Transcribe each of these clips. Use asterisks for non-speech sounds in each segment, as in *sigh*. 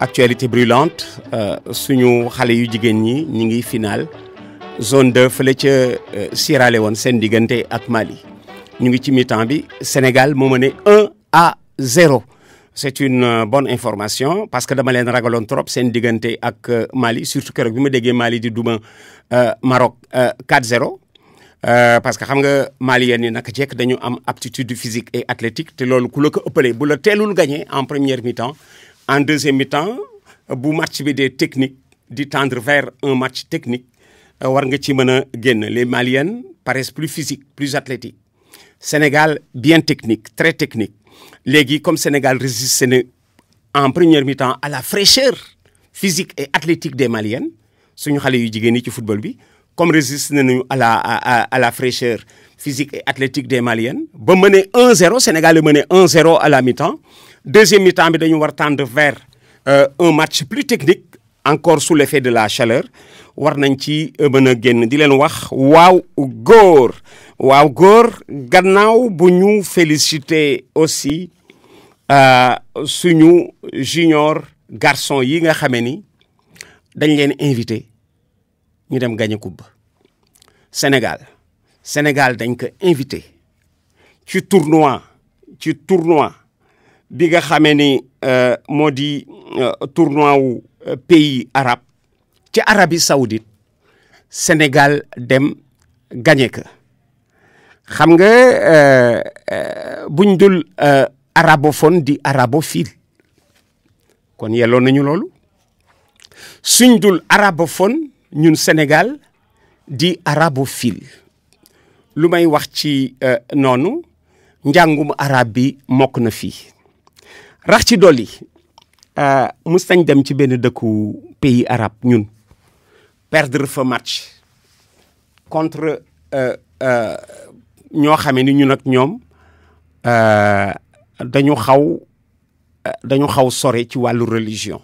actualité brûlante euh, suñu xale yu jigéen final zone 2 fële euh, Sierra Leone Sendigante et Mali Nous Sénégal 1 à 0 c'est une euh, bonne information parce que dama leen trop Sendigante et Mali surtout que Mali di euh, Maroc 4-0 parce que xam nga Mali aptitude physique et athlétique tel loolu en première mi-temps en deuxième mi-temps bu match bi des technique tendre vers un match technique euh, les maliennes paraissent plus physiques plus athlétiques Sénégal bien technique très technique légui comme Sénégal résiste en première mi-temps à la fraîcheur physique et athlétique des maliennes suñu yu football bi comme résiste à la à la fraîcheur physique et athlétique des maliennes ba mené 1-0 Sénégal est mené 1-0 à la mi-temps deuxième mi-temps bi dañu war tendre vers euh, un match plus technique encore sous l'effet de la chaleur war nañ ci euh, di wax féliciter aussi euh, suñu junior garçon yi nga xamé ni dañ leen invité ñu dem gagner coupe Sénégal Sénégal dañ invité ci tournoi ci tournoi bi nga xamee ni euh, moo di euh, tournoi wu euh, pays arabe ci Arabie Saoudite Sénégal dem gagné ko xam nga buñ dul arabophone di arabophile kon yelloo nañu loolu suñ dul arabophone ñun Sénégal di arabophile lu may wax ci noonu njàngum arab bi mokk na fii rax ci dolli euh, mus nañ dem ci benn dëkku pays arabe ñun perdre fa match contre euh, euh, ñoo xamee ni ñun ak ñoom dañu xaw dañu xaw sore ci wàllu religion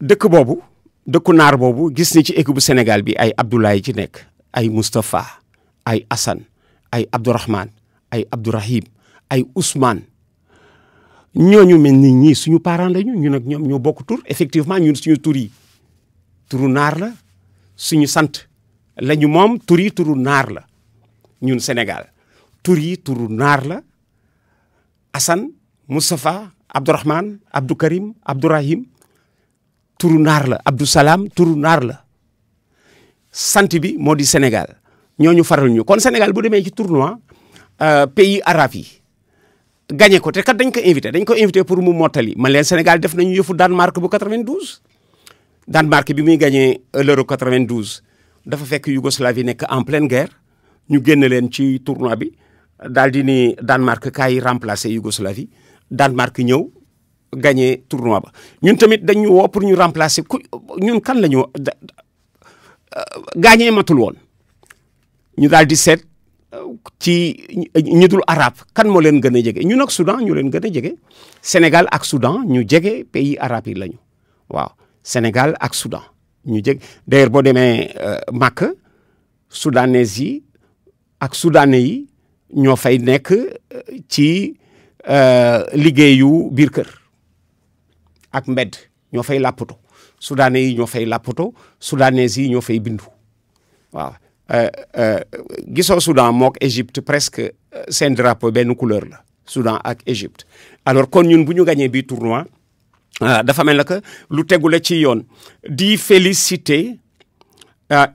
dëkk boobu dëkku naar boobu gis ni ci équipe bu Sénégal bi ay Abdoulaye ci nekk ay Moustapha ay assan ay Abdourahmane ay Abdourahim ay Ousmane ñooñu mel ni ñii suñu parent lañu ñun ak ñoom ñoo bokk tur effectivement ñun suñu tur yi turu naar la suñu sant lañu moom tur yi turu naar la ñun Sénégal tur yi turu naar la Assane Moustapha Abdourahmane Abdou Abdourahim turu naar la Abdou Salam turu la sant bi moo di Sénégal ñooñu faral ñu kon Sénégal bu demee ci tournoi euh, pays arabes yi gagner ko té kat dañ ko invité dañ ko invité pour mu motali man le Sénégal def nañu yëfu Danemark bu 92. Danemark bi muy gagné l'euro 92 dafa fekk Yougoslavie nek en pleine guerre ñu génn leen ci tournoi bi daldi ni Danemark kaay remplacer Yougoslavie Danemark ñew gagné tournoi ba ñun tamit dañu wo pour ñu remplacer Nous ñun kan lañu euh, gagné matul won ñu daldi di ci ñi dul kan moo leen gën a jege ñun ak Soudan ñu leen gën a jege Sénégal ak Soudan ñu jege pays arabes yi lañu waaw senegal ak sudan ñu jege d'ailleurs boo demee euh, Màkk soudanais yi ak soudanais yi ñoo fay nekk euh, ci euh, liggéeyu biir kër ak mbedd ñoo fay làppato soudanais yi ñoo fay làppato soudanais yi ñoo fay bindu waaw Euh, euh, gisoo Soudan mook Égypte presque un euh, drapeau benn couleur la Soudan ak Égypte alors Quand nous avons gagné tournoi dafa mel que féliciter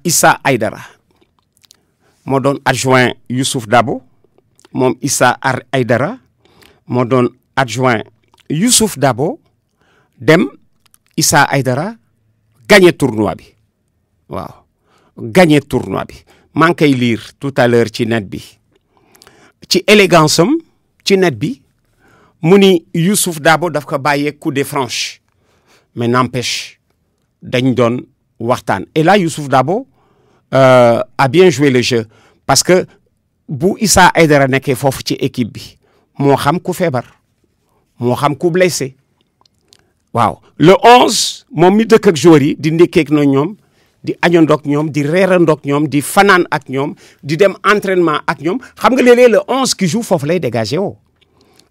Issa Aydara adjoint Youssouf Dabo moom Issa Aydara adjoint Yusuf Dabo dem Issa Aydara gagné tournoi bi gagné tournoi bi maa ngi koy lire tout à l'heure ci net bi ci élégance am ci net bi mu ni Youssouf Dabo daf ko bàyyee coup de franche mais n'empêche dañ doon waxtaan et là Youssouf Dabo euh, a bien joué le jeu parce que bu Issa Aydara nekkee foofu ci équipe bi moo xam ku feebar moo xam ku blessé waaw le 11 moom mi dëkk ak joueur yi di ndekkeeg na ñoom di añandoog ñom di reerandoog ñom di fanaan ak ñom di dem entraînement ak ñom xam nga lélé le onze qui joue fof lay dégagé woo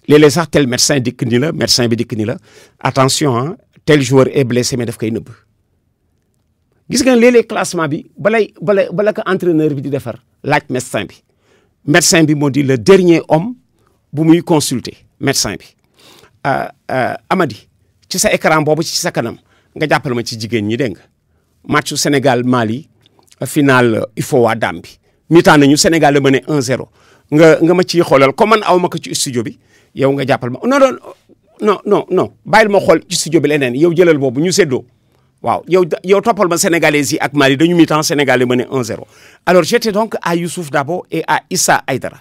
lélé sax tel médecin indique ni la médecin bi dik ni la attention hein, tel joueur est blessé mais daf koy neub gis nga lélé classement bi balay balay bala ko entraîneur bi di défar laaj médecin bi médecin bi moo di le dernier homme bu muy consulter médecin bi euh, euh, amadi ci sa écran bobu ci sa kanam nga jappal ma ci jigéen ñi dégg match Sénégal Mali final IFOA Dambi mi-temps ñu Sénégal le mené 1-0 nga nga ma ci xolal ko man aw ma ko ci studio bi yow nga non non non non non bàyyil ma xool ci studio bi leneen yow jëlal nous ñu séddoo waaw yow yow topal ma sénégalais yi ak Mali dañu mi-temps Sénégal le mené 1-0 alors j'étais donc à Youssouf Dabo et à Issa Aïdara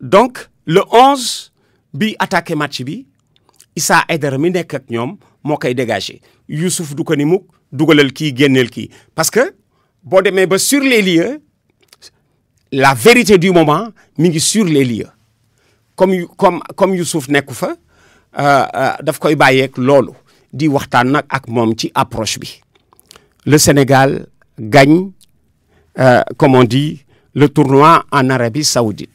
donc le 11 bi attaqué match bi Issa Aïdara mi nek ak ñom je suis dégagé Youssouf du ko ni mukk dugalal kii génneel parce que boo demee ba sur les lieux la vérité du moment mi ngi sur les lieux comme comme comme Youssouf nekku fa euh, euh, daf koy bàyyeek loolu di waxtaan nag ak moom ci approche bi le Sénégal gagne euh, comme on dit le tournoi en Arabie Saoudite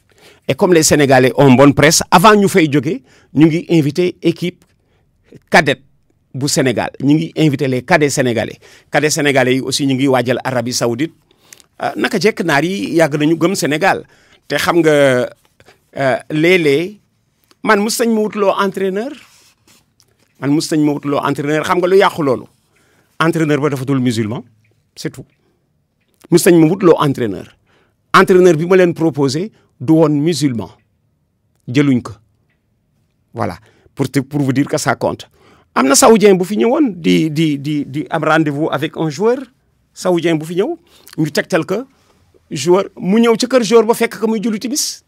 et comme les Sénégalais ont bonne presse avant ñu fay jóge nous ngi invité équipe cadette bu Sénégal ñu ngi les cadets sénégalais cadets sénégalais aussi ñu ngi Arabie Saoudite ah, naka jek Sénégal té xam nga euh, man entraîneur man entraîneur xam nga lu entraîneur ba dafa dul musulman c'est tout entraîneurs. entraîneur entraîneur bi ma proposé du musulman jëluñ voilà pour pour vous dire que ça compte Amna saoudien bu fi ñewon di di di di am rendez-vous avec un joueur saoudien bu fi ñew ñu tektal que joueur mu ñew ci kër joueur ba fekk que muy julli timis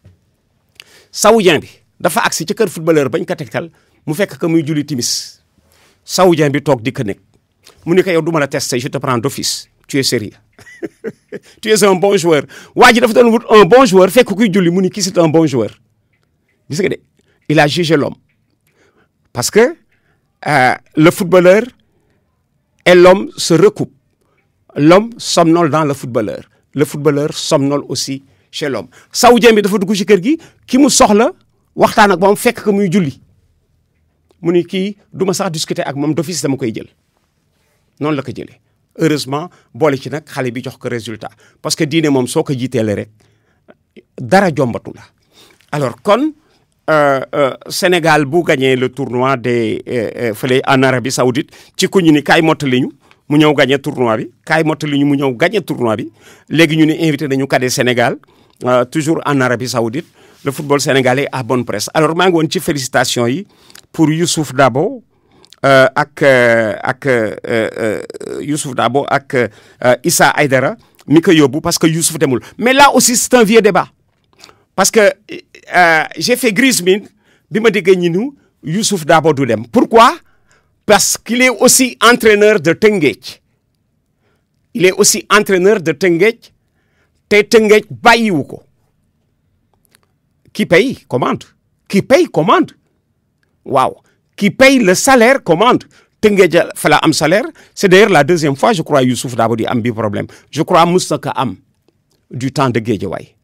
saoudien bi dafa aksi ci kër footballeur bañ ko tegtal mu fekk que muy julli timis saoudien bi tok di ko nekk mu ne ko yow duma la tester je te prends d'office tu es sérieux *laughs* tu es un bon joueur waji dafa don wut un bon joueur fekk kuy julli mu ni kii c'est un bon joueur gis nga de il a jugé l'homme parce que euh, le footballeur et l'homme se recoupent. L'homme somnole dans le footballeur. Le footballeur somnole aussi chez l'homme. saoudien Il dafa dugg ci kergi, qui ki sort soxla Ou ak moom fekk ko muy julli Mouni ki kii ma sax discuter ak d'office dama koy jël noonu la ko heureusement boole ci nag xale bi jox résultat parce que diine moom soo ko jiiteele rek dara jombatu la alors kon. Euh, euh, Sénégal bu gagné le tournoi des euh, euh en Arabie Saoudite ci ku ni kay mottali ñu mu ñëw gagné tournoi bi kay mottali ñu mu gagné tournoi bi légui ñu ni invité nañu Sénégal euh, toujours en Arabie Saoudite le football sénégalais a bonne presse alors ma ngi won ci félicitations yi pour Youssouf Dabo euh, ak ak Youssouf Dabo ak Issa Aydara mi ko parce que Youssouf demul mais là aussi c'est un vieux débat parce que euh, j'ai fait grise mine bi Youssouf Dabo pourquoi parce qu'il est aussi entraîneur de tenguech il est aussi entraîneur de Tengech. te Tengech bàyyiwu qui paye commande qui paye commande Wow. qui paye le salaire commande Tëngéej fala am salaire c'est d'ailleurs la deuxième fois je crois Youssouf Dabo a un problème je crois que am du temps de Guédiawaye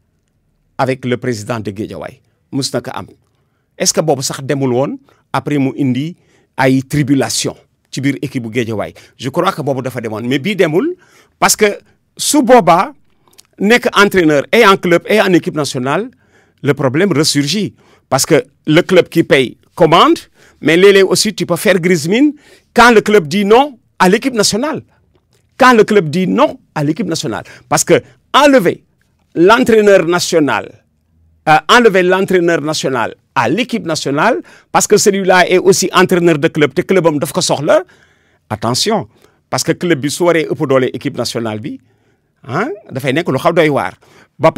avec le président de Guédiaway. mus am est-ce que Bobo sax demul après indi eu tribulation tu biir équipe de je crois que boobu dafa démoulé. mais s'est demul parce que sous n'est qu'un entraîneur et en club et en équipe nationale le problème ressurgit parce que le club qui paye commande mais l'élève aussi tu peux faire grismine quand le club dit non à l'équipe nationale quand le club dit non à l'équipe nationale parce que enlever l'entraîneur national, euh, enlever l'entraîneur national à l'équipe nationale, parce que celui-là est aussi entraîneur de club, le club de attention, parce que le club est soirée ëpp doole équipe nationale bi, hein, que nekk lu xaw doy ba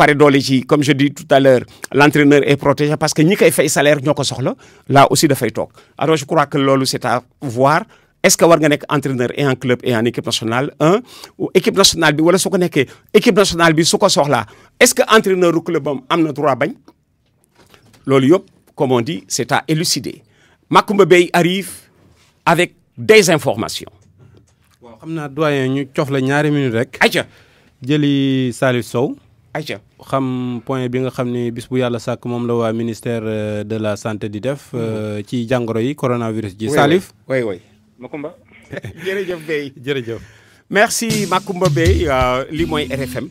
comme je dis tout à l'heure l'entraîneur est protégé parce que ñi pas fay salaire ñoo soxla là aussi dafay toog alors je crois que c'est à voir est-ce que war nga nek entraîneur et en club et en équipe nationale un hein? ou équipe nationale bi wala su nek équipe nationale bi su soxla est-ce que entraîneur ou club am am droit bagn loolu yop comme on dit c'est à élucider Macoumba Beye arrive avec des informations. wa xamna doyen ñu cof la ñaari minute rek. ayca jëli Salif Sow. ayca xam point bi nga xam bis bu yalla sak mom la wa ministère euh, de la santé di def. Mm-hmm. Euh, ci jangoro yi coronavirus ji. Salif oui oui. Makumba *laughs* jërëjëf Bey jërëjëf. merci Makumba Bey euh, li moy RFM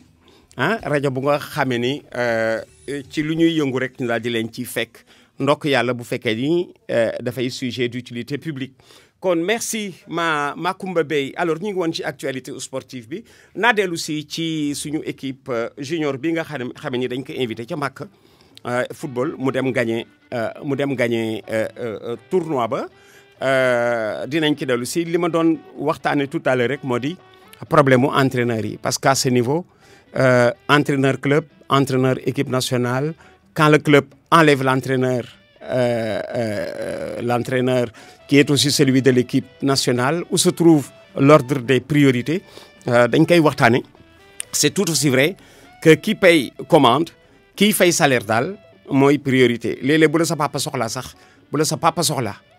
Hein, ah, radio bu nga xamé ni euh, ci lu ñuy yëngu rek ñu daal di leen ci fekk ndok yalla bu fekké ni euh, fay sujet d'utilité publique. kon merci ma Makumba Bey alors ñi ngi won ci actualité sportive bi naa dellu si ci suñu équipe junior bi nga xamé ni dañ ko invité ca Euh, football mu dem euh, mu dem euh, tournoi ba. Euh, dinañ ci delu si li ma doon tout à l'heure rek moo problème mu entraîneur parce qu'à ce niveau euh, entraîneur club entraîneur équipe nationale quand le club enlève l'entraîneur euh, l'entraîneur qui est aussi celui de l'équipe nationale, où se trouve l'ordre des priorités, euh, c'est tout aussi vrai que qui paye commande, qui fait salaire c'est moi priorité. Les les pas sa papa soxla sax,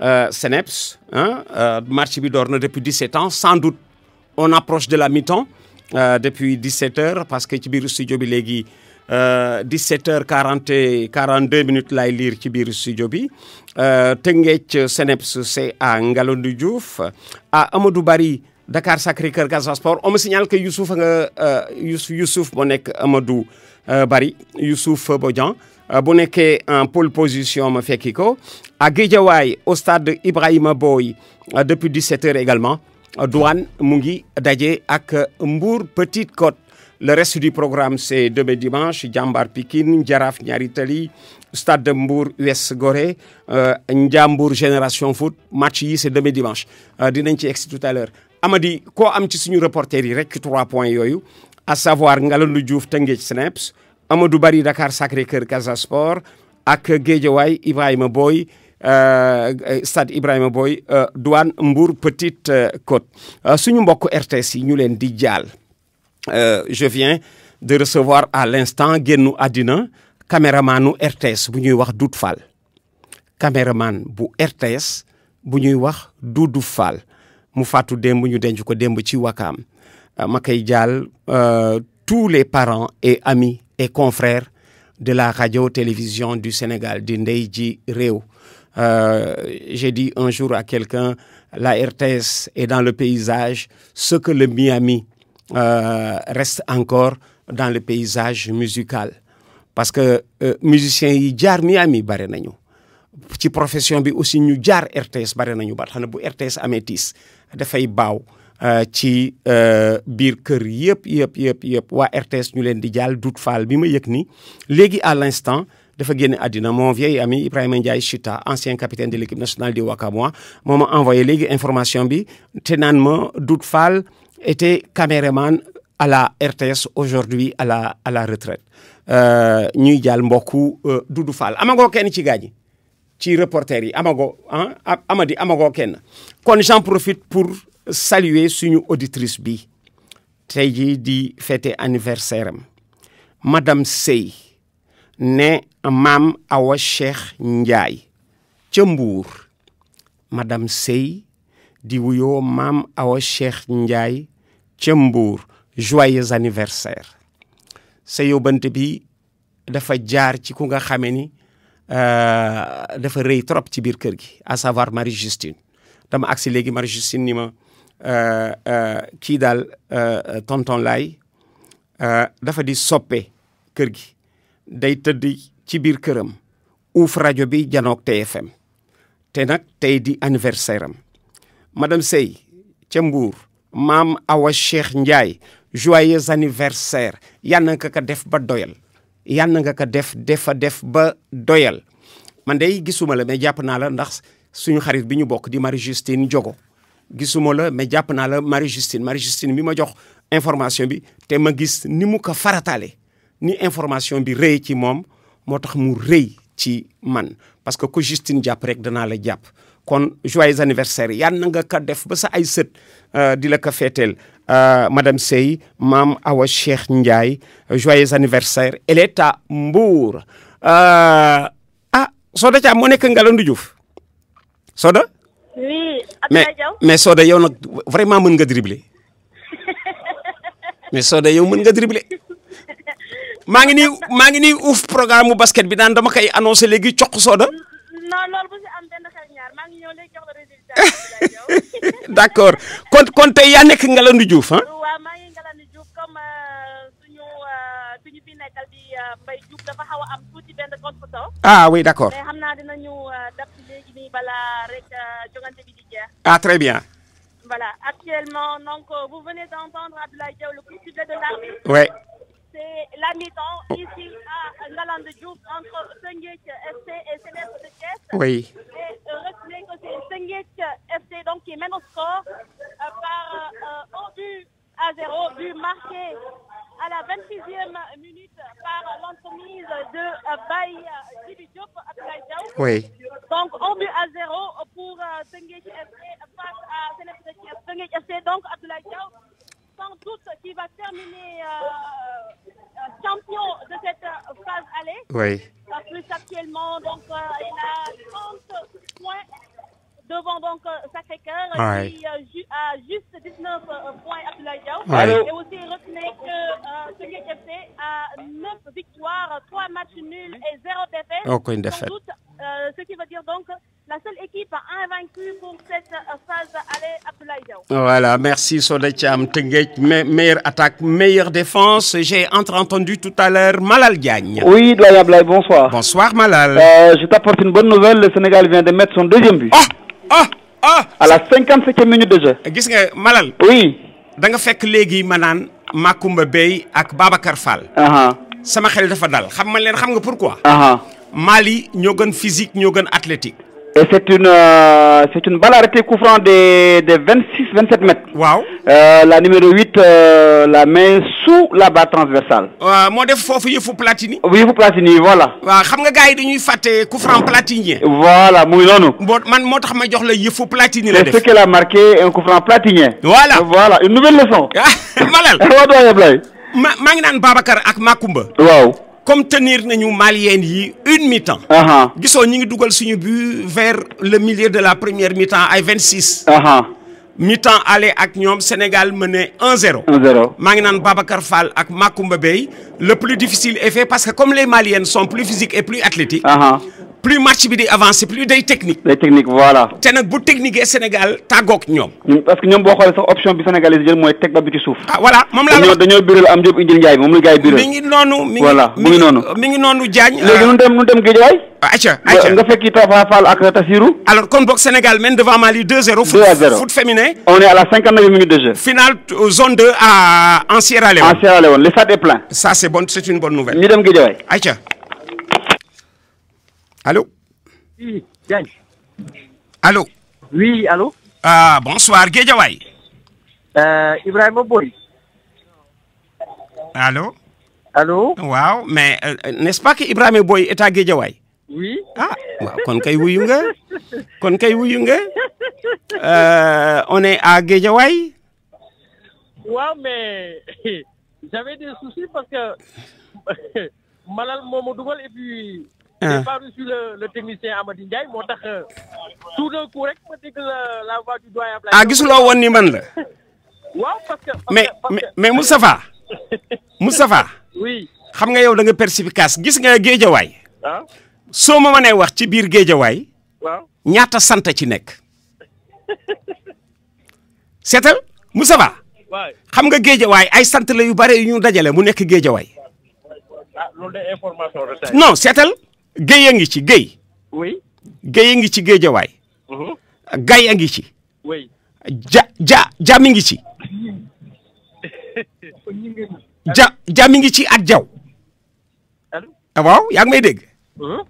euh, CNEPS. Hein, euh, marché bi depuis 17 ans sans doute on approche de la mi-temps euh, depuis 17 h parce que ci studio 17 h 40 42 minutes lay liir ci biir studio euh, c'est à à Amadou Bari Dakar Sacré-Cœur Gazasport Sport on me signale que Youssouf nga euh, Youssouf Amadou. Euh, bari Youssouf Bodian euh, bu nekkee en pole position ma fekki ko à au stade Ibrahima Boy, euh, depuis 17 h également Douane Mungi, Dajé, daje ak Mbour Petite Côte le reste du programme c'est demain dimanche Jambar Pikine jaraf Ñaari Stade de Mbour US Gorée Ndiambour Génération Foot match yi c'est demain dimanche dinañ ci tout à l'heure Amadi, quoi, am ci suñu reporter yi rek trois points yooyu à savoir Ngalandou Diouf Tengej Snaps Amadou Bari Dakar Sacré-Cœur Casa Sport ak Guédiawaye Ibrahima Boy euh, euh, stade Ibrahima Boy euh, Douane Mbour Petite Côte suñu mbokk RTS ñu len di euh, je viens de recevoir à l'instant génnu Adina, caméramanu RTS bu ñuy wax Doudou Fall caméraman bu RTS bu ñuy wax Doudou Fall mu faatu dembu ñu denc ko démb ci wakam. Euh, Makay Dial, euh, tous les parents et amis et confrères de la radio-télévision du Sénégal, du Reo. Euh, j'ai dit un jour à quelqu'un, la RTS est dans le paysage, ce que le Miami reste encore dans le paysage musical. Parce que musiciens yi du Miami La profession bi aussi ñu RTS la RTS Amétis, tiis euh, ci euh, biir kër yëpp yëpp yëpp yëpp waa RTS ñu leen di jàll dut faal bi ma yëg ni léegi à l'instant dafa génn àddina mon vieil ami Ibrahima Ndiaye Chita ancien capitaine de l'équipe nationale de Wakamoa ah, moo ma envoyé léegi information bi te naan ma dut faal était caméraman à la RTS aujourd'hui à la à la retraite euh, ñuy jàll mbokku Doudou Fall amagoo kenn ci gaañi ci reporter yi amagoo ah amadi Amago kenn kon j'en profite pour saluer suñu auditrice bi di anniversaire madame Sey Né mam Awa Cheikh Ndiaye Chambour... madame Sey di Mam mam Awa Cheikh Ndiaye joyeux anniversaire sa bi dafa jaar ci ku nga ni euh, dafa reuy trop ci kër à savoir Marie Justine dama Marie Justine Euh, euh, kii daal euh, tonton laay dafa di soppe kër gi day tëdd ci biir këram uuf rajo bi janoog TFM te nag tey di anniversaire am madame Sey ca Mbour maam Awa Cheikh Ndiaye joyeux anniversaire yal na nga ko def ba doyal yal na nga ko def defa def ba doyal man dey gisuma la mais jàpp naa la ndax suñu xarit bi ñu bokk di Marie Justine Jogo gisuma la mais jàpp naa la Marie Justine Marie Justine mi ma jox information bi te ma gis ni mu ko ni information bi rëy ci moom moo tax ci man parce que ko Justine jàpp rek danaa la jàpp kon joyeux anniversaire yan na nga ka def ba sa ay sët euh, di la ko feeteel euh, madame Sey mam Awa Cheikh Ndiaye joyeux anniversaire elle est à Mbour euh, ah Soda Thiam moo nekk Diouf Soda oui. mais mais Soda yow nag vraiment mën nga dribbler *laughs* mais Soda yow mën nga dribbler maa ngi nii maa ngi nii uuf programme mu basket bi daan dama koy annoncé léegi coq Soda. non *laughs* *laughs* accord kon kon tey yaa nekk Ngalandou Diouf ah. waaw maa ngi Ngalandou Diouf comme euh, euh, di euh, Mbaye ah oui d' nii la rek jogante bi ah très bien. voilà actuellement donc vous venez d'entendre Abdoulaye Diaw le coup de de ouais c'est la mi-temps ici à de Diouf entre Sengek FC et Céleste de Thiès. oui. et retenez que c'est Teungueth FC donc qui mène au score euh, par un euh, but à 0, but marqué à la 26e minute par l'entremise de euh, Baye euh, Diop Oui. Donc, on but à 0 pour euh, Tengue FC face à Tengue FC. Donc, Abdoulaye sans doute, qui va terminer champion de cette phase aller. Oui. Plus actuellement, donc, il a 30 points devant donc euh, Sacré-Cœur qui euh, a juste 19 euh, points à Diaw. Et aussi retenez que ce qui est a 9 victoires, 3 matchs nuls et 0 défaite. Aucune défaite. ce qui veut dire donc la seule équipe invaincue pour cette phase aller à Diaw. Voilà, merci Sodetiam Tenguech, meilleure attaque, meilleure défense. J'ai entendu tout à l'heure Malal Gagne. Oui, Doya bonsoir. Bonsoir Malal. je t'apporte une bonne nouvelle, le Sénégal vient de mettre son deuxième but. Ah! ah ah. à cinquante-septième minute de jeu. gis nga Malal. oui. da nga fekk léegi ma naan Makumba Bey ak Babacar Fall. sama xel dafa daal xam ma leen xam nga pourquoi. Mali ñoo gën physique ñoo gën athlétique. Et c'est une, euh, c'est une balle arrêtée couvrant de, 26-27 mètres. Wow. Euh, la numéro 8, euh, la main sous la barre transversale. Moi, moi, je fais Youfou Platini. Oui, vous Platini, voilà. Je tu sais que les gens font coup Platini. Voilà, moi, non. man, moi, je vais donner Youfou Platini. C'est ce qu'elle a marqué, un couvrant Platini. Voilà. Voilà, une nouvelle leçon. *laughs* Malal. *laughs* Ma, ma, Babacar ak Makumba. Wow comme tenir les maliennes yi une mi-temps. gisoo ñi ngi dugal suñu but vers le milieu de la première mi-temps à 26. mi-temps aller ak le Sénégal menait 1-0. 1-0 ngi Babacar Fall ak Bey le plus difficile est fait parce que comme les maliennes sont plus physiques et plus athlétiques plus match bi di avancer plus day technique. day techniques voilà. té nak bu technique Sénégal tagok ñom mm, parce que ñom bo xolé sax option bi sénégalais jël moy tek ba bi ci souf ah voilà mom la la dañoo birul am Diop indil ndjay moom la gars yi biral. mi ngi noonu mi ngi voilà mi ngi noonu. mi ngi noonu Diagne. léegi euh, nu dem ñu dem Guédiawaye. acca ah, acca nga fekki Tafa fal ak tafiru alors kon bok Sénégal men devant Mali 2-0. foot féminin. on est à la 59e minute de jeu. finale euh, zone 2 à en Sierra Leone. en Sierra Leone le stade est plein. ça c'est bon c'est une bonne nouvelle. ñu dem Guédiawaye. acca Allô? Oui, Allô? Oui, allô? Ah, bonsoir, Guédiaway. Euh, Ibrahim Oboy. Boy. Allô? Allô? Wow, mais euh, n'est-ce pas que Ibrahim Boy est à Guédiaway oui ah kon kay wuyu euh, on est à Guédiaway. Waouh, mais j'avais des soucis parce que *laughs* Malal mon et puis. J'ai pas moo tax euh, tout d'un coup ah gisuloo woon ni man la. *laughs* waaw parce mais mais mais Moustapha. *laughs* xam nga yow danga nga gis nga géejawaay. Ah. soo ma mënee wax ci biir géejawaay. ñaata sant ci nekk. *laughs* seetal Moustapha. xam nga géejawaay ay sant la yu bare yu ñu dajale mu nekk géejawaay. Ah, non seetal. Guèye a ngi ci Guèye. oui. a ngi ci Guédiawaay. Uh-huh. gay a ngi ci. oui. ja ja ja mi ngi ci. *laughs* ja ja mi ngi ci ak jaw. Ah, waaw yaa ngi may dégg. Uh-huh.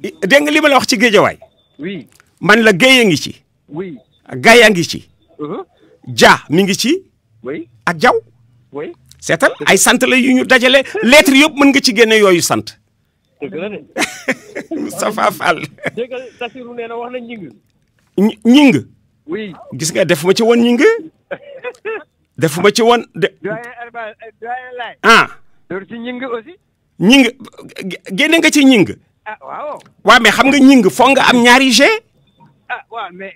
dégg nga li wax ci Guédiawaay. oui. man la Guèye a ngi ci. oui. Gaye a ngi ci. Uh-huh. ja mi ngi ci. ak jaw. oui seetal ay sant la yu ñu dajale lettre yëpp mën nga ci génne yooyu sant. dëgg la de. *laughs* Moustapha Fall. dëgg wax na ñing. gis nga def ma ci woon ñing. *laughs* def ma ci woon de. ah. loolu ci ñing aussi. ñing génne nga ci ñing. waa ah, waaw. waaw mais xam nga ñing foog nga am ñaari G. ah waaw mais.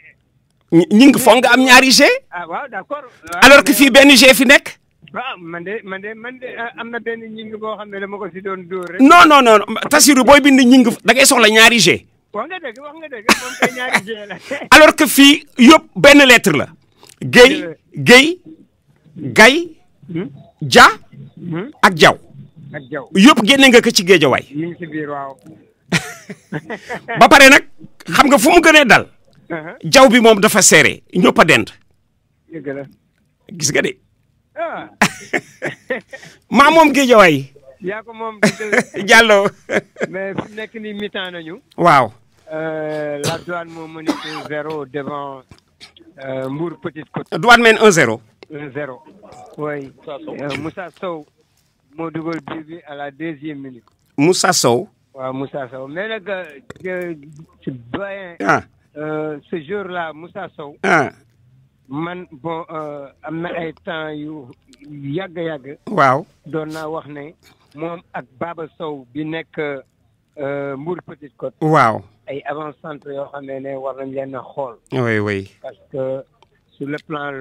ñing foog nga am ñaari G. ah waaw d'accord. alors que fii benn G fi nekk. waaw ah, man de man de man ah, am na benn ñing xam ne dama ko si doon booy bind ñing da ngay soxla ñaari G. wax wax nga *laughs* alors que fii yëpp benn lettre la. Guèye Guèye Gaye. Ja. Hmm? Hmm? ak Jaw. ak Jaw yëpp génne nga ko ci géejawaay. mi ngi *laughs* pare nag xam nga fu mu gënee dal. jaw uh-huh. bi moom dafa seere ñëpp a dend. gis nga de. Ah. *laughs* maa moom Guédiawaye. yaa ko moom Diallo. *laughs* mais fi nek ni mi-temps nañu. waaw. Euh, la douane mo mené 0 devant euh, Mbour Petite Côte. douane mène 1-0. 1-0. oui. Euh, Moussa Sow mo dougal bii bi à la deuxième minute. Moussa Sow. waaw Moussa Sow mais ci doyen. ah ce jour là Moussa Sow. ah man bon euh, am na ay temps yu yàgg yàgg. waaw doon naa wax ne moom ak Baba Sow bi nekk euh, Mbour Petite Côte. waaw ay avant-centre yoo xam ne war nañ leen a xool. oui oui parce que sur le plan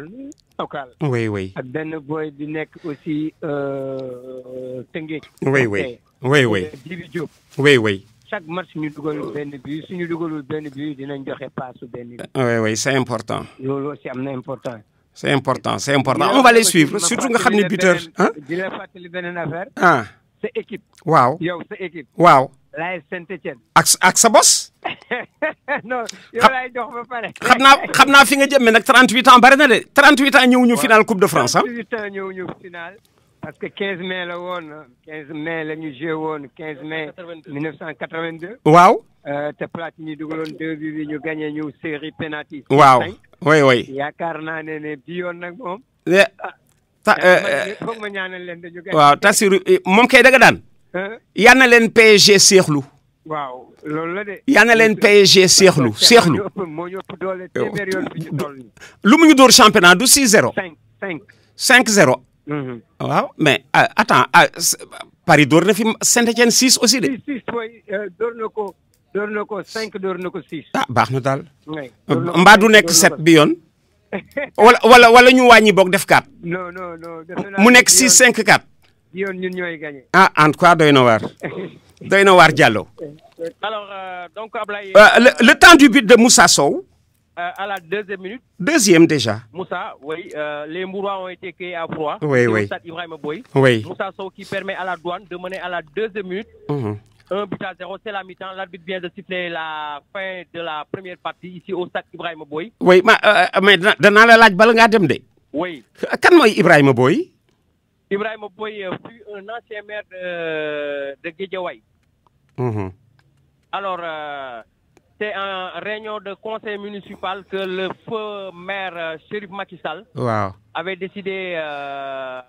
local. oui oui ak benn boy di nekk aussi euh, Tëngéej. oui oui oui oui Jibi Diop. oui oui chaque match ñu dugalul benn bi suñu dugalul benn bi dinañ joxe passe benn but. oui oui c' est important. loolu aussi am na important. c' est important c' est important on va les suivre surtout nga xam ne buteur. Hein? di la fàttali beneen affaire. ah sa équipe. waaw yow sa équipe. waaw. laay Saint-Étienne. ak ak sa bos. *laughs* non yow laay jox ba pare. xam naa xam naa fi nga jëmee nag 38 ans bari na de 38 ans ñëwuñu final coupe de France ah. Hein? 38 ans ñëwuñu final parce que 15 mai le woon 15 mai le ñu joué woon 15 mai 1982. waaw. Euh, te Platini dugaloon deux buts ñu gagné ñu série penalty. waaw oui oui. Il y a ne et yoon nag moom. Eh, ah. ta euh, foog ma ñaanal leen gagné. waaw Tassirou moom kay daga daan. Hein? yal na leen PSG seexlu. waaw loolu la de. yal na leen PSG seexlu seexlu. moo ñu doole téeméer yoon fi ñu toll nii. lu mu ñu dóor championnat du 6-0. 5 5. 5-0. Mhm. waaw mais ah, attends ah, Paris door na fi saint etienne 6 aussi de. 6 6 euh, door na ko door na ko 5 door na ko 6. ah baax na daal. mbaa du 7 bi yoon. wala wala wala ñu wàññi boog def 4. non non non mu nekk 6 5 4. yoon ñun ñooy gagné. ah en quoi cas doy na waar *laughs* doy na waar Diallo. alors euh, donc Ablaye. Euh, le temps du but de Moussa Sow. Euh, à la deuxième minute. Deuxième déjà. Moussa, oui, euh, les mouroirs ont été créés à froid. Oui, oui. Stade Boy. Oui. Moussa Sow qui permet à la douane de mener à la deuxième minute. Mhm. Un but à zéro, c'est la mi-temps. L'arbitre vient de siffler la fin de la première partie ici au stade Ibrahim Boy. Oui, euh, mais, mais dans la laaj bal nga Oui. Quand moi Ibrahim Boy? Ibrahim Boy fut un ancien maire de, de mhm. Alors, c'est en réunion de conseil municipal que le feu maire euh, Chérif Makissal avait décidé euh,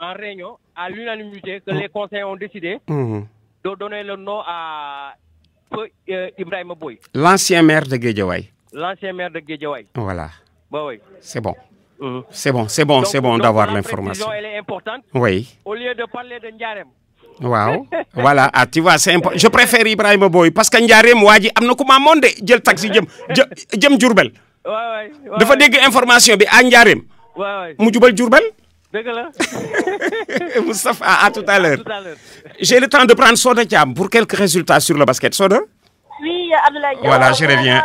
en réunion, à l'unanimité, que mm. les conseils ont décidé mm-hmm. de donner le nom à euh, Ibrahim Boy. L'ancien maire de Guédiawaye. L'ancien maire de Guédiawaye. Voilà. Bah, oui. C'est bon. Mm-hmm. C'est bon, c'est bon, c'est bon d'avoir l'information. Elle est importante. Oui. Au lieu de parler de Ndiarem, Wow, *laughs* voilà ah tu vois c'est important je préfère Ibrahim Boy parce que njaareem waa ji am na ku ma jël taxi jëm jëm Diourbel. dafa dégg information bi à njaareem. mu jubal dëgg la. *laughs* Moustapha à tout à l'heure j'ai le temps de prendre Soda pour quelques résultats sur le basket Soda. oui Abdoulaye. voilà je reviens.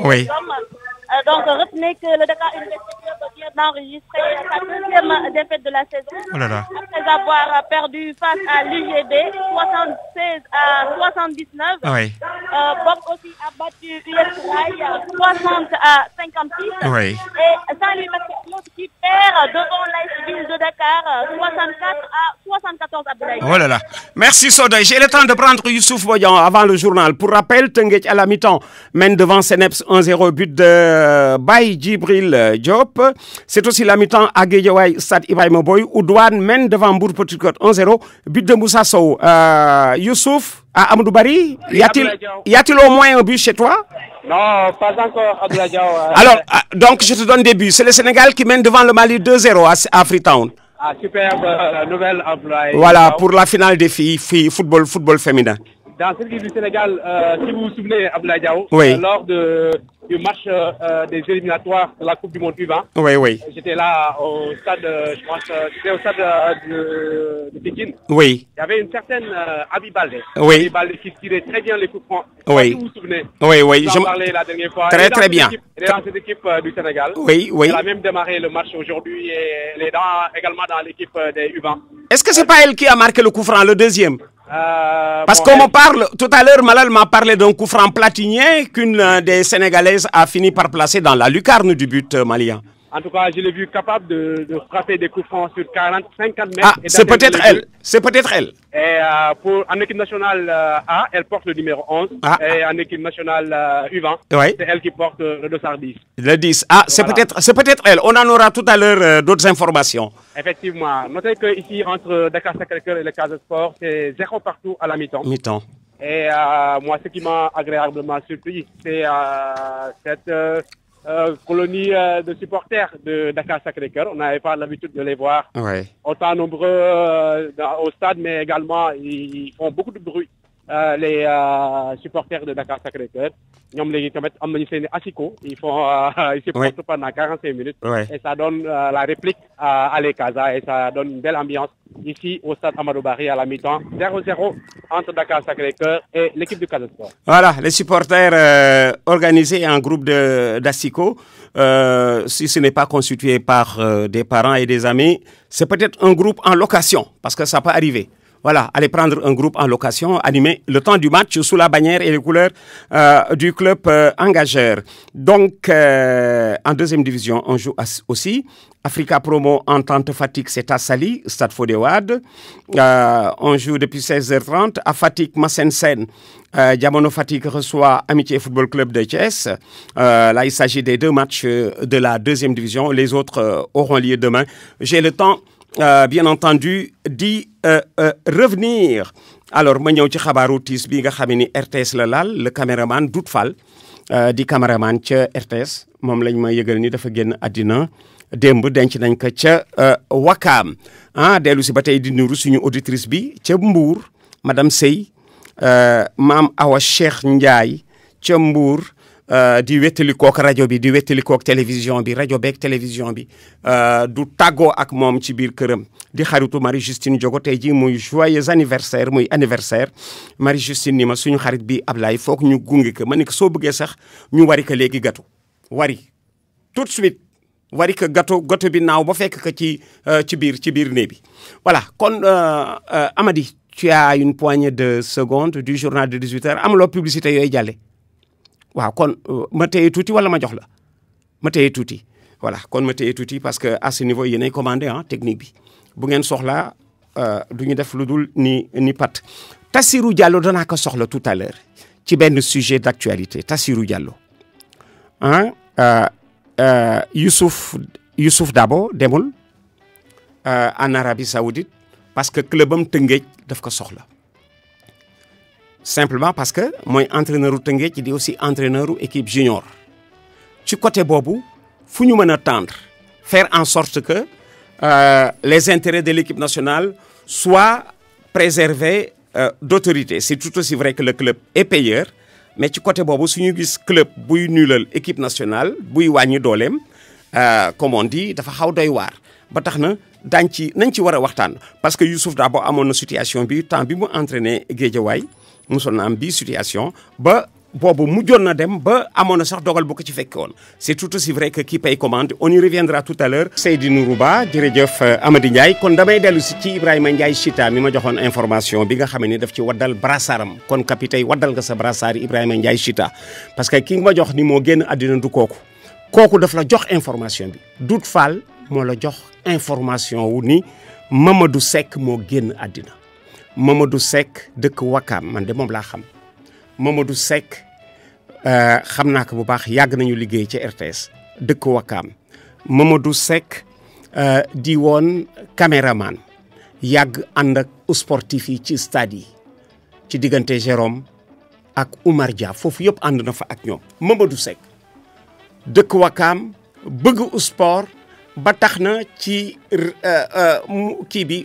oui. Euh, donc retenez que le Dakar Université vient d'enregistrer sa deuxième défaite de la saison. Oh Après avoir perdu face à l'UGB 76 à 79. Ah euh, Bob aussi a battu USY 60 à 56. Ah Et Salim Maximus qui perd devant l'ICB de Dakar 64 à 74 à Oh Merci Sodaï. J'ai le temps de prendre Youssouf Boyan avant le journal. Pour rappel, Tenguet à la mi-temps mène devant Seneps 1-0 but de euh, Baye Djibril euh, Diop. C'est aussi la mi-temps à Guédiawaye, Stade Boy, où mène devant Bourg petit 1-0. But de Moussa Sow. Euh, Youssouf, à Amadou Bari, y a-t-il au moins un but chez toi Non, pas encore, *laughs* euh. Alors, euh, donc je te donne des buts. C'est le Sénégal qui mène devant le Mali 2-0 à, Freetown. Ah, superbe nouvelle emploi. Voilà, pour la finale des filles, filles football, football féminin dans cette équipe du Sénégal, euh, si vous vous souvenez, Abdoulaye Diaw, euh, lors du match euh, des éliminatoires de la Coupe du Monde U20, j'étais là au stade, je pense, j'étais au stade de, de Pékin. Oui. Il y avait une certaine Abibale. Oui. Balde qui tirait très bien les coups francs. Oui. vous vous souvenez. Oui, oui. J'en parlais la dernière fois. Très, très bien. elle est dans cette équipe du Sénégal. Oui, oui. Elle a même démarré le match aujourd'hui et elle est également dans l'équipe des u Est-ce que c'est pas elle qui a marqué le coup franc, le deuxième euh, Parce qu'on me parle, tout à l'heure, Malal m'a parlé d'un coup franc platinien qu'une euh, des Sénégalaises a fini par placer dans la lucarne du but euh, malien. En tout cas, je l'ai vu capable de, frapper des coups francs sur 40, 50 mètres. Ah, c'est peut-être elle. C'est peut-être elle. Et euh, pour, en équipe nationale euh, A, elle porte le numéro 11. Ah. et en équipe nationale U20, euh, c'est elle qui porte le dossard 10. Le 10. Ah, c'est peut-être c'est peut-être elle. On en aura tout à l'heure d'autres informations. Effectivement. Notez qu'ici, entre Dakar Sacré-Cœur et le de Sport, c'est zéro partout à la mi-temps. Mi-temps. Et moi, ce qui m'a agréablement surpris, c'est cette euh, colonie euh, de supporters de Dakar Sacré-Cœur. On n'avait pas l'habitude de les voir autant nombreux euh, au stade, mais également ils font beaucoup de bruit. Euh, les euh, supporters de Dakar Sacré-Cœur ils ont en ils font euh, *laughs* ils se portent pendant 45 minutes et ça donne la réplique à les Casa et ça donne une belle ambiance ici au stade Amadou Barry à la mi-temps 0-0 entre Dakar Sacré-Cœur et l'équipe du Casa Voilà, les supporters organisés en groupe d'Asico si ce n'est pas constitué par des parents et des amis, c'est peut-être un groupe en location parce que ça peut arriver voilà, aller prendre un groupe en location, animer le temps du match sous la bannière et les couleurs euh, du club euh, engageur. Donc, euh, en deuxième division, on joue aussi. Africa Promo Entente Fatigue, c'est à Sali, Stade Fodewad. Euh, on joue depuis 16h30. À Fatigue, Massensen, euh, Diamono Fatigue reçoit Amitié Football Club de Thiès. Euh, là, il s'agit des deux matchs de la deuxième division. Les autres euh, auront lieu demain. J'ai le temps euh, bien entendu di euh, euh, revenir alors ma ñëw ci xabaaru tis bi nga ni RTS le caméraman Doute Fall caméraman RTS mom lañ ma yëgal ni dafa génn adina démb denc nañ ko ah auditrice bi madame Sey mam Awa Cheikh Ndiaye euh, di wettali kook radio bi di wettali kook télévision bi radio beeg télévision bi euh, du tàggoo ak moom ci biir këram di xaritu Marie Justine Diogo tey muy joyeux anniversaire muy anniversaire Marie Justine ni ma suñu xarit bi Ablaye foog ñu gunge ko ma ko sax tout de suite wari ko gato gato bi naaw ba fekk ko ci euh, voilà kon Amadi tu as une poignée de secondes du journal de 18 heures amuloo publicité yooyu jàlle waaw kon euh, ma téye tuuti wala ma jox la ma téye tuuti voilà kon ma téye tuuti parce que à ce niveau yéenay commandé ah technique bi bu ngeen soxlaa euh, du ñu def lu dul ni ni pat Tassirou Diallo danaa ko soxla tout à l'heure ci benn sujet d'actualité Tassirou Diallo ah Youssouf Youssouf Dabo demul en Arabie Saoudite parce que clubam Tëngéej daf ko soxla simplement parce que mon entraîneur Tengue qui est aussi entraîneur ou équipe junior Du côté Bobu, faut ñu nous faire en sorte que euh, les intérêts de l'équipe nationale soient préservés euh, d'autorité c'est tout aussi vrai que le club est payeur mais du côté si nous avons un club buy nulal équipe nationale pas wàññi nationale, euh, comme on dit il faut doy nous ba tax parce que Youssouf d'abord a mon situation bi temps bi entraîné Guédiawaye nous na am bii situation ba boobu mujjoon na dem ba amoon sax dogal bu ko ci c'est tout aussi vrai que qui paye commande on y reviendra tout à l'heure Seydou Nourouba, jërëjëf euh, Amady Ndiaye kon damay dellu si ci Ibrahima Ndiaye Chita mi ma joxoon information bi nga daf ci waddal brassaram kon capitaine waddal nga sa Ibrahima Ndiaye Chita parce que ma jox ni moo génn àddina du kooku kooku daf la jox information bi Doute Fall moo la jox information wu ni Mamadou Seck dëkk Wakaam man de moom laa xam Mamadou Seck euh, xam naa ko bu baax yàgg nañu liggéey ci RTS dëkk Wakaam Mamadou Seck euh, di woon caméraman yàgg ànd ak sportif yi ci stade yi ci diggante Jérôme ak Oumar foofu yëpp ànd na fa ak ñoom Mamadou Seck dëkk Wakaam bëgg sport ba tax na ci euh, kii bi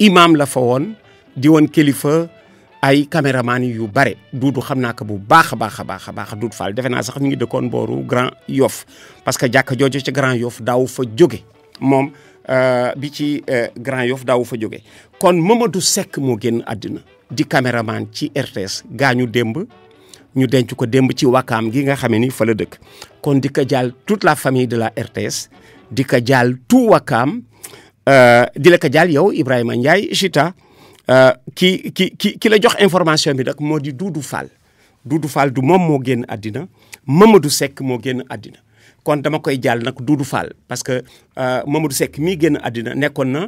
Imam la fa di won kilifa ay caméraman yu bare xamna ko bu a baax a baax fal defena sax Grand Yoff parce que Grand Yoff fa mom euh bi ci euh, Grand Yoff fa kon Mamadou sec mo genn di caméraman ci RTS gañu demb ñu denc ko demb ci wakam gi nga fa la kon di toute la famille de la RTS di tout di la ko jaal yow Ibrahima Ndiaye Chita euh, ki ki ki ki la jox information bi nag moo di Doudou Fall Doudou du moom moo génn àddina Mamadou sekk moo génn àddina kon dama koy jàll nag Doudou Fall parce que euh, du Seck mii génn àddina nekkoon na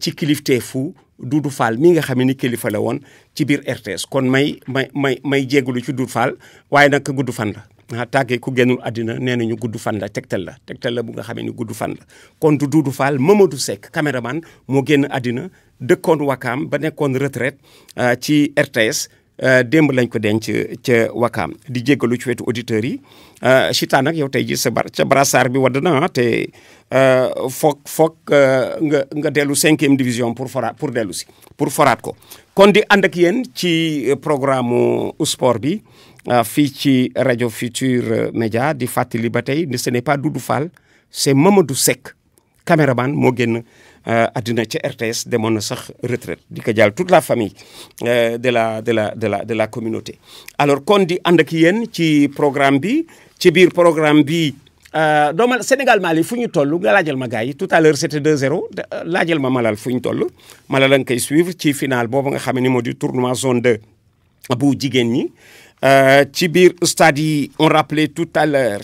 ci kilifteefu Doudou Fall mii nga xam ni kilifa la woon ci biir RTS kon may may may may jégalu ci Doudou Fall waaye nag gudd fan la. ah tàggee ku génnul àddina nee nañu gudd fan la tegtal la tegtal la bu nga xamee ni gudd fan la kon du Doudou Fall Mamadou Seck caméraman moo génn àddina dëkkoon Wakaam ba nekkoon retraite ci RTS démb lañ ko denc ca Wakaam di jéggalu ci wetu auditeurs yi Chita nag yow tey ji sa bar ca brassard bi wadd naa te foog foog nga nga dellu cinquième division pour foraat pour dellu si pour foraat ko kon di ànd ak yéen ci programme sport bi Euh, fichi radio future Futur Média di fàttali ne ce n'est pas Doudou Fall c'est Mamadou Seck caméraman moo génn adina euh, ci RTS de mon sax retraite di ka dial toute la famille euh, de la de la de la de la communauté. alors kon di ànd ak ci programme bi ci bir programme bi doomal Sénégal Mali fu tollu nga laajal ma gars tout à l'heure c'était 2-0 laajal ma Malal fu tollu Malal ngay suivre ci final bobu nga xam ne di tournoi zone 2 bu jigen ni euh, Tibir Stadi on rappelait tout à l'heure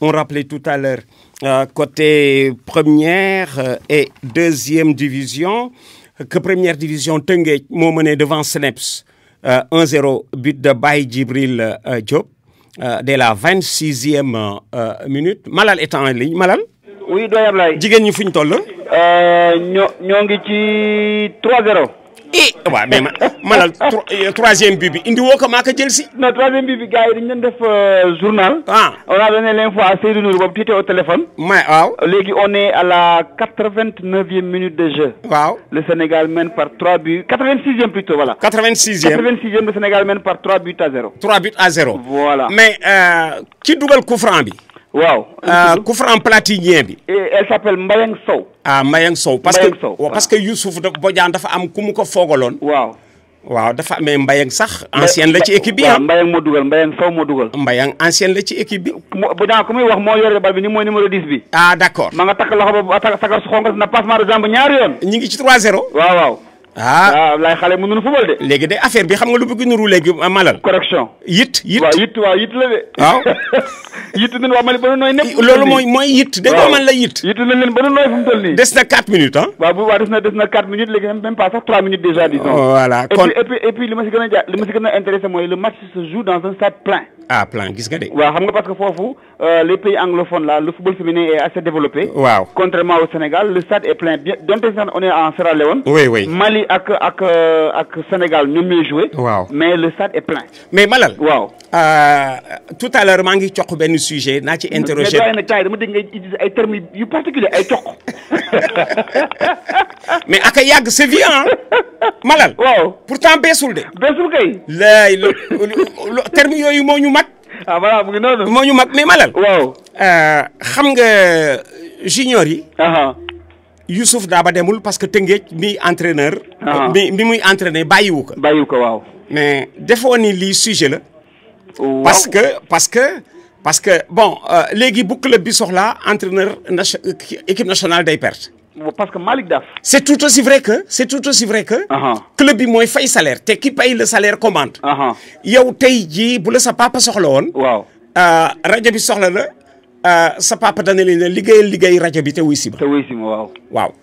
on rappelait tout à l'heure euh, côté première euh, et deuxième division que première division Tengue m'ont mené devant Sneps 1-0 but de Baye Djibril Diop dès la 26 e minute Malal est en ligne Malal. oui d'ailleurs Ablaye. jigéen 3-0. Eh, eh, troisième bibi indi woko maka jël ci non troisième bibi gaay dañu def euh, journal ah. on a donné l'info à Seydou Nour bob au téléphone on est à la 89e minute de jeu le Sénégal mène par 3 buts 86e plutôt voilà 86e 86e le Sénégal mène par 3 buts à 0 3 buts à 0 voilà mais euh, qui dougal coup franc bi waaw Euh, faram plati ñee bi. elle s'appelle Mbayang Sow. ah Mbayang Sow. parce que parce que Youssouf da Bodian dafa am kum ko fogalon. waaw. waaw dafa amee Mbayang sax. ancienne la ci équipe bi ah mo moo dugal Mbayang Sow moo dugal. Mbayang ancienne la ci équipe bi. Bodian ku wax mo yoré bal bi ni mooy numéro 10 bi. ah d'accord. ma nga takk loxo ba ba takk sakar su xonk na passement de jambe ñaar yoon. ñi ngi ci 3-0. waaw waaw ah waaw Ablaye xale mënuñu football dé légui dé affaire bi xam nga lu bëgg ñu nuru léegi euh, malal. correction yit yit wa yit wa yit la de. waaw *laughs* yit nañu waa Mali ba nu nepp. lolu moy moy yit. dé ko man la yit. yit nañ leen ba noy nooy fu mu toll nii. des na 4 minutes hein wa bu wa dess na dess na 4 minutes légui même pas sax 3 minutes déjà disons. Oh, voilà et puis et puis li ma si gën a ja li ma si gën intéressé mooy le match se joue dans un stade plein ah plan gis nga dé waaw xam nga parce que foofu euh, les pays anglophones là le football féminin est assez développé. Wow. contrairement au Sénégal le stade est plein bien donte sax on est en Sierra Leone. oui oui Mali ak ak euh, ak Sénégal nous mieux jouer. Wow. mais le stade est plein. mais Malal. euh, tout à l'heure Mangi, ngi ben sujet na ci interroger. mais doy dama dégg nga utiliser ay termes yu particulier ay coq. *laughs* mais ak yag yàgg vie hein Malal. waaw pourtant beesul dé beesul kay. laay terme yooyu moo ñu ah voilà mu ngi noonu. moo ñu mag mais malal. waaw. Euh, xam nga junior yi. Youssouf Daaba demul parce que Tëngéej mi entraîneur. mi mi muy entraîné bàyyiwu ko. bàyyiwu ko waaw. mais defoo ni lii sujet la. parce que parce que parce que bon euh, léegi bu club bi soxlaa entraîneur équipe nationale day perte parce que Malik Daf. c'est tout aussi vrai que c'est tout aussi vrai que. club il mooy fait salaire te qui paye le salaire commande. yow tey jii bu la sa papa soxla woon. waaw euh, rajo bi soxla la euh, sa papa dana leen a ligue liggéey rajo bi te wuy si te si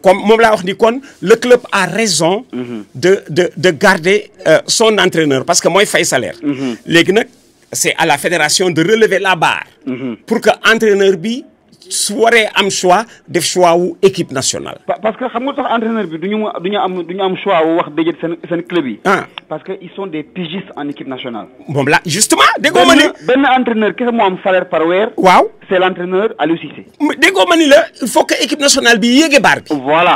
comme moom wax ni le club a raison. Mhm. de de de garder euh, son entraîneur parce que moi il fait salaire. Mhm. Les nag c'est à la fédération de relever la barre. Mhm. pour que entraîneur bi soirée am choix def choix wu équipe nationale. parce que xam nga tax entraîneur bi du duñu du am duñu am choix wu wax déjét sen sen club yi. Ah. parce que ils sont des pigistes en équipe nationale. bon là justement dégo mané ben entraîneur kese mo am salaire par weer. waaw c'est l'entraîneur Aliou Cissé. dégo ma ni il faut que équipe nationale bi yégué bar bi. voilà.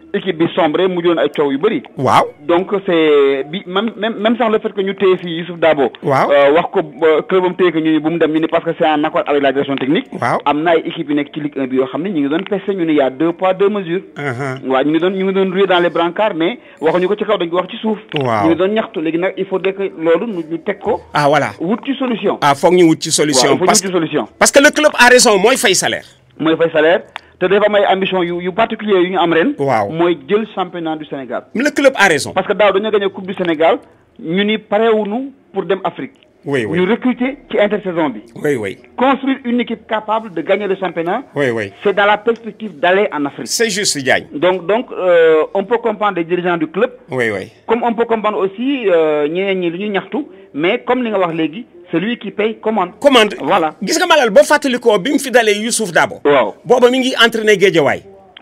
équipe bi sombré mu joon ay coow yu bari waaw donc c'est bi même même sax le fait que ñu téye fi Youssouf Dabo. waaw euh, wax ko club am téye ko ñu bu mu dem ñu ni parce que c'est est en accord avec la direction technique. waaw am na ay équipe yu nekk ci Ligue 1 bi yo xamné ñi ngi doon pêché ñu ni ya deux poids deux mesures. Uh-huh. waaw ñi ngi doon ñi ngi doon ruer dans les brancards mais waxuñu ko ci kaw dañ wax ci suuf. waaw ñu doon ñaxtu légui nak il faut dès que lolu ñu teg ko. ah voilà wut ci solution. ah foog ñu wut ci solution. parce que le club a raison moy fay salaire. moy fay salaire te dafa avoir ambition yu yu particulier yu ñu am ren. waaw championnat du Sénégal. le club a raison. parce que daaw le gagné coupe du Sénégal ñu ni parewuñu pour dem Afrique. oui oui ñu recruter ci intersaison bi. oui oui construire une équipe capable de gagner le championnat. c'est dans la perspective d'aller en Afrique. C'est juste Diagne. donc donc euh, on peut comprendre les dirigeants du club. oui oui comme on peut comprendre aussi euh, ñeñ ñi lu ñu ñaxtu mais comme li nga wax celui qui paye commande. commande voilà gis nga Malal boo fàttalikoo bi mu fi dalé Youssouf Dabo. waaw booba mi ngi Wow.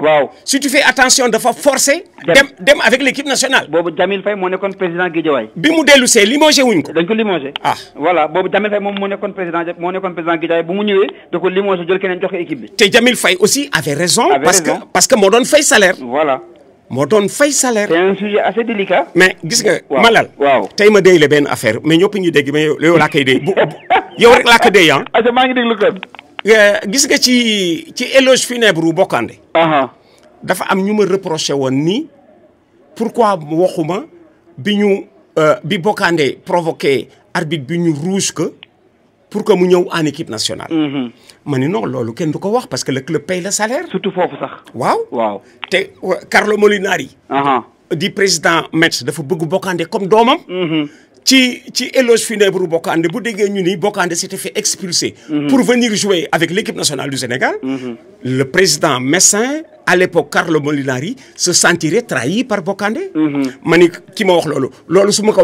waaw si tu fais attention dafa forcé dem dem avec l'équipe nationale. Bobo, Jamil Fay, mon nekkoon président Guédiawaye. bi mu dellu see limogé wuñ ko. dañ ko limogé. ah voilà Bobo, Jamil Fay, mon moo président moo nekkoon président Guédiawaye bu mu ñëwee da ko limogé jël keneen joxe équipe bi. te Jamil Fay aussi avait raison. parce que parce que mo don fay salaire. voilà moo doon fay salaire. c'est un sujet assez délicat. mais gis nga. malal waaw tey ma déy la benn affaire mais ñëpp ñu dégg mais yow laa koy déy bu yow rek laa ko déy ah. ah maa ngi déglu kër. Eh, gis nga ci ci éloge funèbre bu Bokande. dafa am ñu ma reproché woon nii pourquoi waxuma bi ñu euh, bi Bokande provoqué arbitre bi ñu rouge que pour que mu en équipe nationale. Mhm. ma ni non loolu kenn du ko wax parce que le club paye le salaire. surtout pour sax. waaw waaw Carlo Molinari. dit président Metz de bëgg Bokande comme -hmm. ci ci éloge funèbre pour bu Si ñu ni s'était fait expulser. Mhm. pour venir jouer avec l'équipe nationale du Sénégal. Mhm. le président messin à l'époque Carlo Molinari se sentirait trahi par Bocandé. -hmm. Mani, qui ma wax loolu loolu su ma ko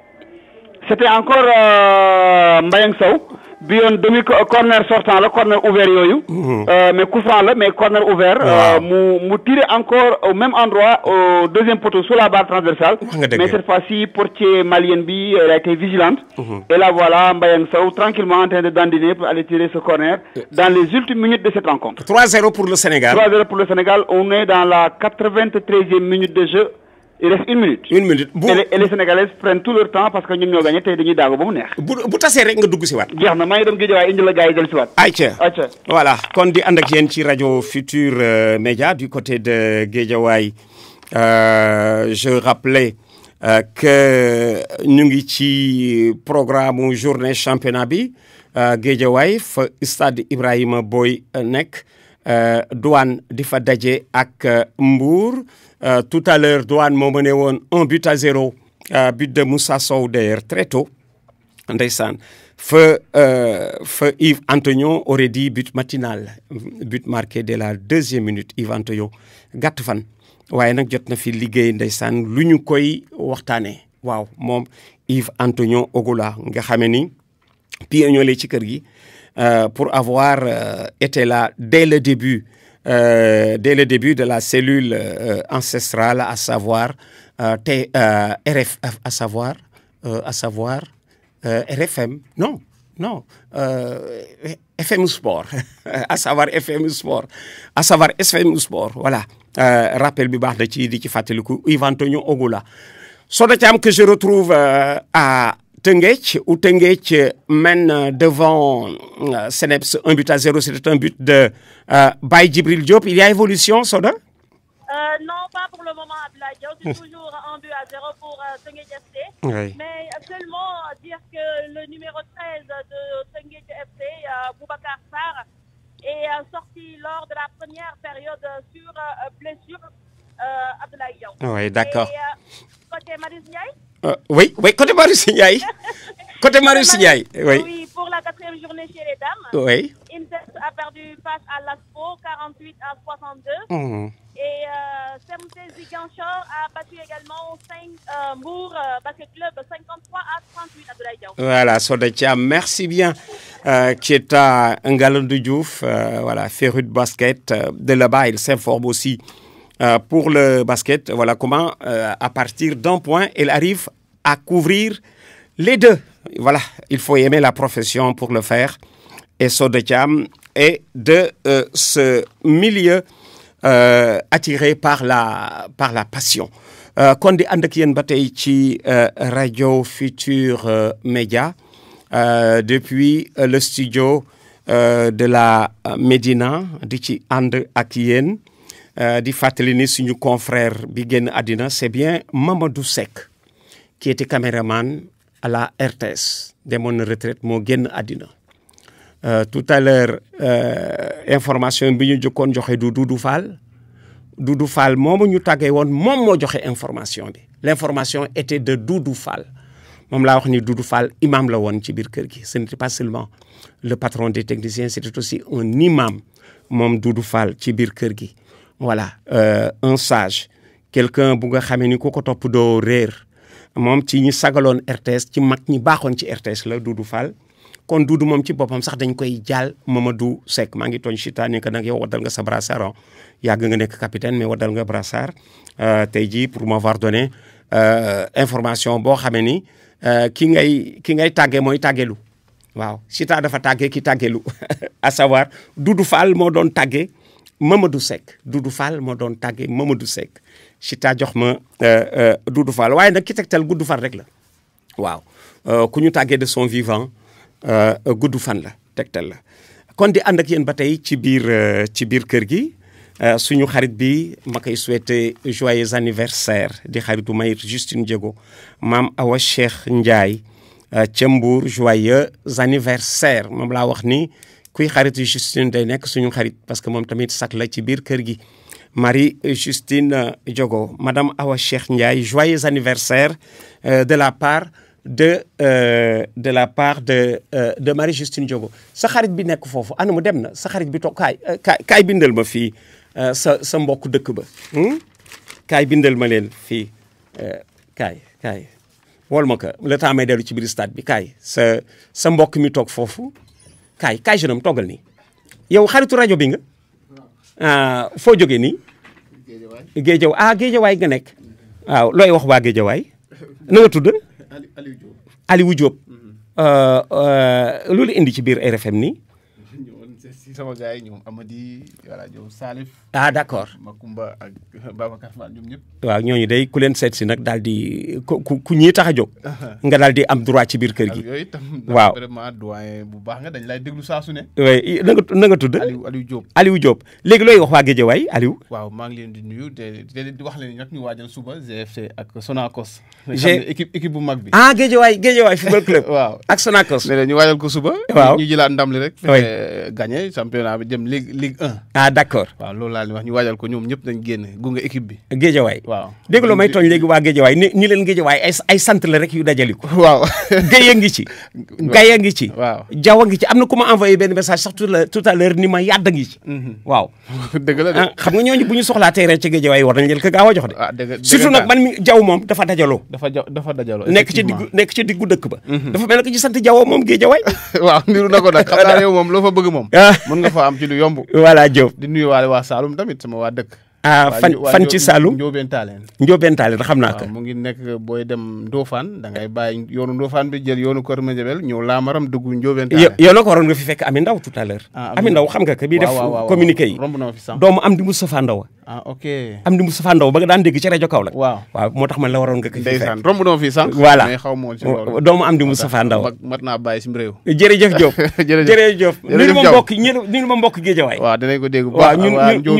c'était encore euh, Mbayang Sow a un demi corner sortant le corner ouvert mhm. euh, mais coup franc mais corner ouvert. Euh, mu mu tiré encore au même endroit au deuxième poteau sur la barre transversale. mais cette fois-ci portier malien bi a été vigilante. Mhm. et là voilà Mbayang Sow tranquillement en train de dandiner pour aller tirer ce corner dans les ultimes minutes de cette rencontre. 3-0 pour le Sénégal. 3-0 pour le Sénégal on est dans la 93e minute de jeu il reste une minute. une minute les sénégalais prennent tout leur temps parce que nous avons gagné dañuy si vous avez na voilà Quand di ak Radio Futur euh, Média du côté de euh, je rappelais euh, que nous, ngi ci programme journée championnat bi euh, stade Ibrahim Boy euh, douane di ak euh, Mbour. Euh, tout à l'heure, Douane moo mené un but à zéro euh, but de Moussa Sow d'ailleurs très tôt ndeysaan feu euh, feu Yves Antonio aurait dit but matinal but marqué dès la deuxième minute Yves Antonio gatvan ouais waaye nag na fi liggéey ndeysaan lu ñu koy waxtaanee waaw Yves Antonio Ogola nga xamee ni pionnier ci kër gi euh, pour avoir été là dès le début euh, dès le début de la cellule euh, ancestrale, à savoir, euh, t, euh, RF, à savoir, à savoir RFM. Non, non. FM *laughs* Sport, à savoir FM Sport, à savoir SFM Sport, voilà. rappel Bibar de Tidi ci di ci coup. Yvan Antonio Ogola. Soda que je retrouve à Tenguech, ou Tenguech euh, mène euh, devant euh, Seneps un but à zéro, C'est un but de euh, Baye Djibril Diop. Il y a évolution, Soda Non, pas pour le moment, Abdoulaye C'est hum. toujours un but à zéro pour Tenguech FC. Mais seulement dire que le numéro 13 de Tenguech FC, Boubacar Sarr, est sorti lors de la première période sur blessure, Abdoulaye Oui, d'accord. côté Maris euh, oui, oui, côté Marius Ndiaye. Côté Marius Ndiaye, oui. Oui, pour la quatrième journée chez les dames. Oui. Inter a perdu face à l'ASPO, 48 à 62. Mhm. Et euh, Sermouté a battu également 5 euh, Mour euh, Basket Club 53 à 38 à Voilà, Sodetia, merci bien. Euh, qui est à Ngalon voilà, Ferru de basket. Euh, de là-bas, il s'informe aussi euh, pour le basket. Voilà comment, euh, à partir d'un point, elle arrive à couvrir les deux. Voilà, il faut aimer la profession pour le faire. Et Sodekam est de euh, ce milieu attiré par la, par la passion. Kondi Andekien Bateichi, Radio Futur Média depuis le studio de la Médina di ci euh, di fàttali ni suñu confrère bi génn àddina c'est bien Mamadou Sek, qui était caméraman à la RTS demoon mon retraite moo génn àddina euh, tout à l'heure euh, information bi ñu joxe Doudou Fall Doudou Fall moomu ñu tàggee woon moom moo joxe information bi l'information était de Doudou Fall moom laa wax ni Doudou Fall imam la woon ci biir kër gi ce n'était pas seulement le patron des techniciens c'était aussi un imam moom Doudou Fall ci biir kër gi voilà euh, un sage quelqu'un bu nga xamé ni ku ko topp doo réer moom ci ñi sagalon RTS ci mag ñi baaxoon ci RTS la Doudou Fall kon Doudou mom ci bopam sax dañ koy jaal Mamadou Seck maa ngi tooñ nga sa brassard yag nga nek capitaine mais wadal nga brassard euh, tey jii pour m'avoir donné euh, information bo xamé ni ki ngay ki ngay tagué moy tàggeelu waaw Chita dafa tagué ki tàggeelu *laughs* à savoir Doudou Fall mo don tagué Mamadou Seck Doudou Fall mo don tagué Mamadou Seck Chita jox ma euh, euh, Doudou Fall waaye nag ki tegtal gudd fan rek la waaw euh, ku de son vivant gudd fan la tegtal la kon di ànd ak yéen ba ci biir ci biir kër gi suñu xarit bi ma joyeux anniversaire De xaritu maïr Justine Diego Mam Awa Cheikh Ndiaye ca joyeux anniversaire moom laa kuy xaritu Justine day nekk suñu xarit parce que moom tamit sac la ci biir kër gi Marie Justine euh, Diogo madame Awa Cheikh Ndiaye joyeux anniversaire euh, de la part de euh, de la part de de Marie Justine Diogo sa xarit bi nekk foofu ana mu dem na sa xarit bi toog kaay kaay bindal ma fii sa sa mbokk dëkk ba hmm? kaay bindal ma leen fii kaay kaay wol ma ko le temps may ci biir stade bi kaay sa sa mbokk mi toog foofu kaay kaay jeune homme toggal nii yow xaritu rajo bi nga ah, foo jógee nii. géejawaay ah géejawaay nekk. waaw looy wax waa géejawaay na nga tudd. Aliou Diop Aliou mhm. euh, euh, indi ci biir RFM nii. ci sama gars yi ñoom Amady voilà ñoom Salif. ah d' accord Makumba ak Babacar Fall ñoom waaw ñooñu day ku leen seet si nag daal di ku ku a jóg. *laughs* nga daal di am droit ci biir kër gi. yooyu tam waaw vraiment doyen bu baax nga dañ lay déglu saa su ne. oui na nga na nga tudd. Aliou Aliou Diop Aliou Diop léegi looy wax waa Guédiawaye Aliou. waaw maa ngi leen di nuyu te di wax leen nag ñu waajal suba GFC ak Sonacos. G équipe bu mag bi. ah Guédiawaye Guédiawaye football club. *laughs* waaw ak Sonacos. ñu waajal ko suba. waaw ñu jëlaat ndam li rek. gagné championnat bi jëm ligue ligue 1. ah d' accord waaw loolu laa leen wax ñu waajal ko ñoom ñëpp dañ génn gunge équipe bi. géejawaay waaw dégg loo may tooñ léegi waa géejawaay ni leen géejawaay ay sant la rek yu dajali ko. waaw Guèye a ngi *laughs* a ngi a am na ku envoyé benn message sax tout la l'heure ni ma yàdd a ngi mhm. waaw. *laughs* dëgg la ah, a jox nekk ci diggu dëkk ba. Mhm. dafa mel ne ko ci sant Diaw moom géejawaay *laughs* waaw niru na ko nag xam naa yow moom loo fa bëgg moom ah. mën nga fa am ci lu yomb. voilà Diop di nuyuwaale waa Saloum tamit sama waa dëkk. ah fan fan ci Saloum Ndiobène Tallène Ndiobène xam naa ko mu ngi nekk booy dem Ndofane da ngay bàyyi yoonu Ndofane bi jël yoonu ko Madiabel ñëw Lamaram dugg Ndiobène Tallène yow na ko waroon nga fi fekk Ami Ndaw tu à l'heure ah, Ami Ndaw xam nga ko bii def communiqué yi doomu am di Moustapha Ndaw ah ok am di Moustapha Ndaw ba nga daan dégg ci rajo Kaolack waaw waaw moo tax ma la waroon nga ko ndeysaan romb doon fii sànq voilà mais xaw ma ci loolu doomu am di Moustapha Ndaw mat naa bàyyi sim réew jërëjëf Diop *laughs* jërëjëf ñun ma mbokk ñun ma mbokk Géejawaay waaw danañ ko dégg waaw ñun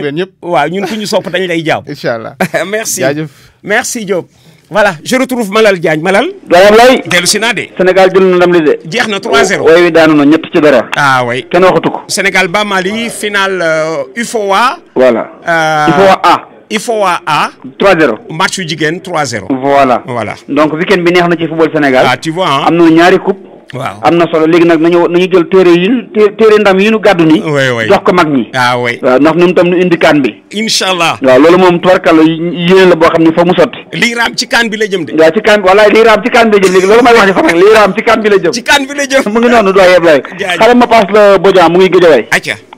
ñëpp waaw ñun ku ñu sopp dañ lay jaaw incha allah *laughs* merci jaajëf merci Diop voilà je retrouve Malal Diagne Malal. Diagne lay Sénégal jël na 3-0. Oui, oui, oui, ci dara. ah oui kenn waxatu Sénégal ba Mali finale euh, UFOA. voilà UFOA euh, A. UFOA A. 3-0. match du 3-0. voilà. voilà donc week-end, neex na ci football Sénégal. ah tu vois hein. am ñaari coupe. waaw am na solo léegi nag nañu nañu jël téere yi ñu téere ndam yi ñu gàddu ni jox ko mag ñi waaw ah, waaw ndax ñun tam nu indi kaan bi incha allah waaw loolu moom tubarkàlla yéene la boo xam ne fa mu sotti lii raam ci kaan bi la jëm de waaw ci kaan bi walaay lii raam ci kaan bi la jëm léegi loolu may wax ci kaan bi la ci kaan bi la jëm mu ngi noonu doy yeb lay xale ma paas la Bodian mu ngi gëjëwaay